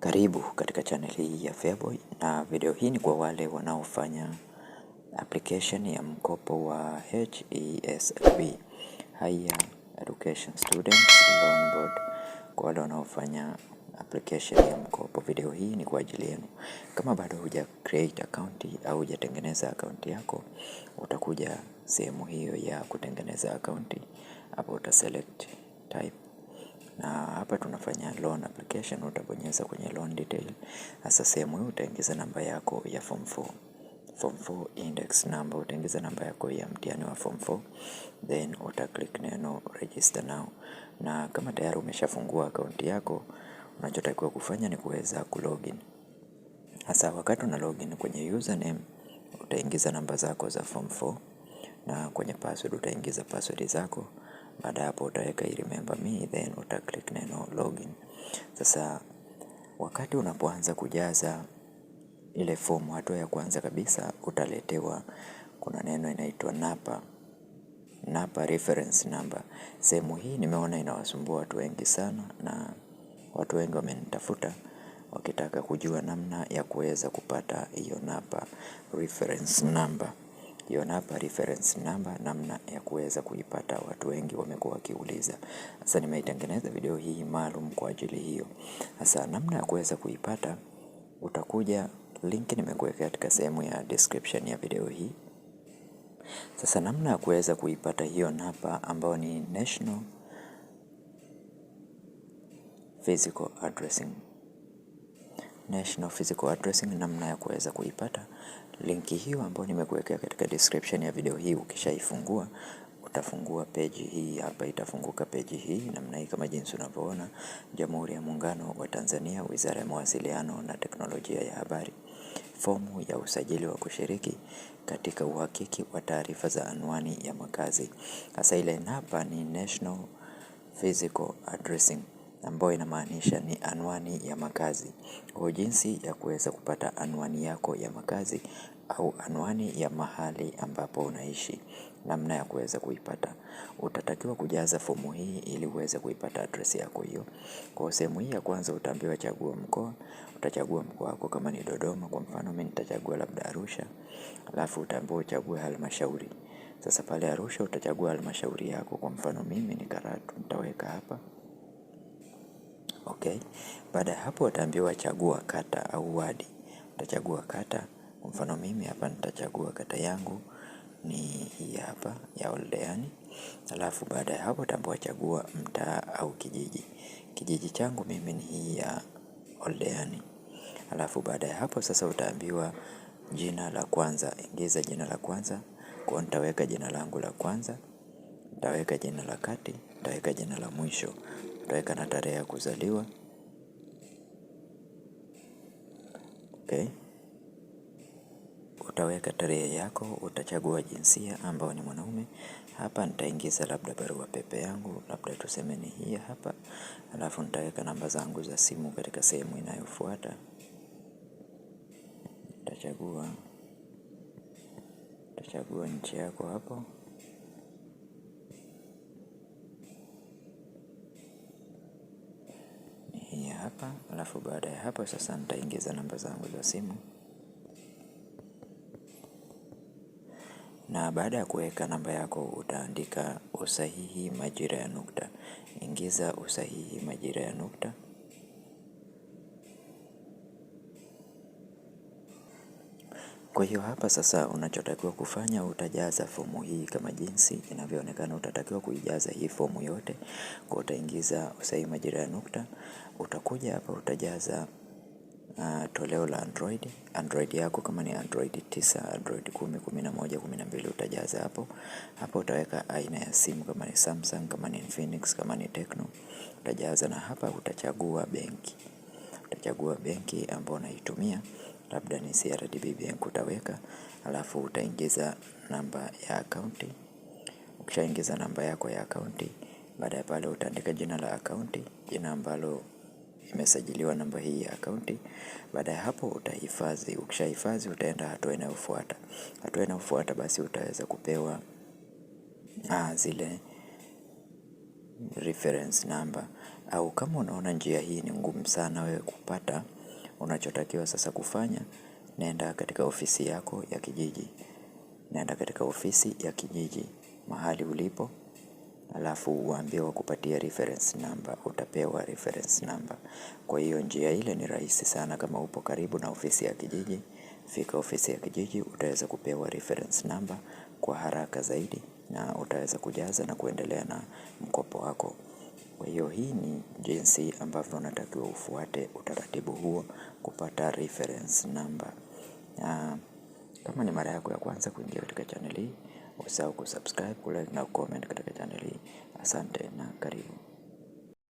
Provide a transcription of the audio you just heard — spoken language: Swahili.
Karibu katika channel hii ya Feaboy na video hii ni kwa wale wanaofanya application ya mkopo wa HESLB Higher Education Students Loan Board. Kwa wale wanaofanya application ya mkopo, video hii ni kwa ajili yenu. Kama bado huja create account au hujatengeneza account yako, utakuja sehemu hiyo ya kutengeneza account, hapo uta select type na hapa tunafanya loan application, utabonyeza kwenye loan detail. Sasa sehemu hii utaingiza namba yako ya form 4 form 4 index number, utaingiza namba yako ya mtihani wa form 4 then uta click neno register now, na kama tayari umeshafungua akaunti yako, unachotakiwa kufanya ni kuweza kulogin. Hasa wakati una login kwenye username utaingiza namba zako za form 4 na kwenye password utaingiza password zako. Baada ya hapo utaweka hii remember me, then uta click neno login. Sasa wakati unapoanza kujaza ile fomu, hatua ya kwanza kabisa utaletewa kuna neno inaitwa napa NAPA reference number. Sehemu hii nimeona inawasumbua watu wengi sana, na watu wengi wamenitafuta wakitaka kujua namna ya kuweza kupata hiyo NAPA reference number. Ukiona hapa reference number, namna ya kuweza kuipata. Watu wengi wamekuwa wakiuliza, sasa nimeitengeneza video hii maalum kwa ajili hiyo. Sasa namna ya kuweza kuipata, utakuja link nimekuweka katika sehemu ya description ya video hii. Sasa namna ya kuweza kuipata hiyo napa ambayo ni National Physical Addressing National Physical Addressing namna ya kuweza kuipata linki hiyo ambayo nimekuwekea katika description ya video hii. Ukishaifungua utafungua peji hii hapa, itafunguka peji hii namna hii kama jinsi unavyoona, Jamhuri ya Muungano wa Tanzania, Wizara ya Mawasiliano na Teknolojia ya Habari. Fomu ya usajili wa kushiriki katika uhakiki wa taarifa za anwani ya makazi. Sasa ile hapa ni National Physical Addressing ambayo inamaanisha ni anwani ya makazi. Kwa jinsi ya kuweza kupata anwani yako ya makazi au anwani ya mahali ambapo unaishi namna ya kuweza kuipata. Utatakiwa kujaza fomu hii ili uweze kuipata address yako hiyo. Kwa sehemu hii ya kwanza utaambiwa chagua mkoa, utachagua mkoa wako kama ni Dodoma kwa mfano mimi nitachagua labda Arusha. Alafu utaambiwa uchague halmashauri. Sasa pale Arusha utachagua halmashauri yako kwa mfano mimi ni Karatu nitaweka hapa. Okay? Baada ya hapo wataambiwa chagua kata au wadi. Utachagua kata, kwa mfano mimi hapa nitachagua kata yangu ni hii hapa ya Oldeani. Alafu baada ya hapo utaambiwa chagua mtaa au kijiji. Kijiji changu mimi ni hii ya Oldeani. Alafu baada ya hapo sasa utaambiwa jina la kwanza, ingiza jina la kwanza. Kwa nitaweka jina langu la kwanza, nitaweka jina la kati, nitaweka jina la mwisho utaweka na tarehe ya kuzaliwa okay. Utaweka tarehe yako, utachagua jinsia ambao ni mwanaume. Hapa nitaingiza labda barua pepe yangu, labda tuseme ni hii hapa, alafu nitaweka namba zangu za simu katika sehemu inayofuata. Nitachagua, nitachagua nchi yako hapo. hapa alafu baada ya hapo sasa nitaingiza namba zangu za simu na baada ya kuweka namba yako utaandika usahihi majira ya nukta. Ingiza usahihi majira ya nukta. Kwa hiyo hapa sasa unachotakiwa kufanya utajaza fomu hii kama jinsi inavyoonekana. Utatakiwa kuijaza hii fomu yote kwa, utaingiza usahihi majira ya nukta, utakuja hapa utajaza Uh, toleo la Android Android yako kama ni Android 9, Android 10, 11, 12 utajaza hapo. Hapo utaweka aina ya simu kama ni Samsung, kama ni Infinix, kama ni Tecno utajaza, na hapa utachagua benki, utachagua benki ambayo unaitumia labda ni CRDB Bank utaweka, alafu utaingiza namba ya akaunti. Ukishaingiza namba yako ya akaunti, baada ya pale utaandika jina la akaunti, jina ambalo imesajiliwa namba hii ya akaunti. Baada ya hapo utahifadhi. Ukishahifadhi utaenda hatua inayofuata. Hatua inayofuata basi utaweza kupewa na ah, zile reference number, au kama unaona njia hii ni ngumu sana wewe kupata Unachotakiwa sasa kufanya, nenda katika ofisi yako ya kijiji, nenda katika ofisi ya kijiji mahali ulipo, alafu uambie wakupatia reference number, utapewa reference number. Kwa hiyo njia ile ni rahisi sana. Kama upo karibu na ofisi ya kijiji, fika ofisi ya kijiji, utaweza kupewa reference number kwa haraka zaidi, na utaweza kujaza na kuendelea na mkopo wako. Kwa hiyo hii ni jinsi ambavyo unatakiwa ufuate utaratibu huo kupata reference number. Kama ni mara yako ya kwanza kuingia katika channel hii, usahau kusubscribe, kulike na kucomment katika channel hii. Asante na karibu.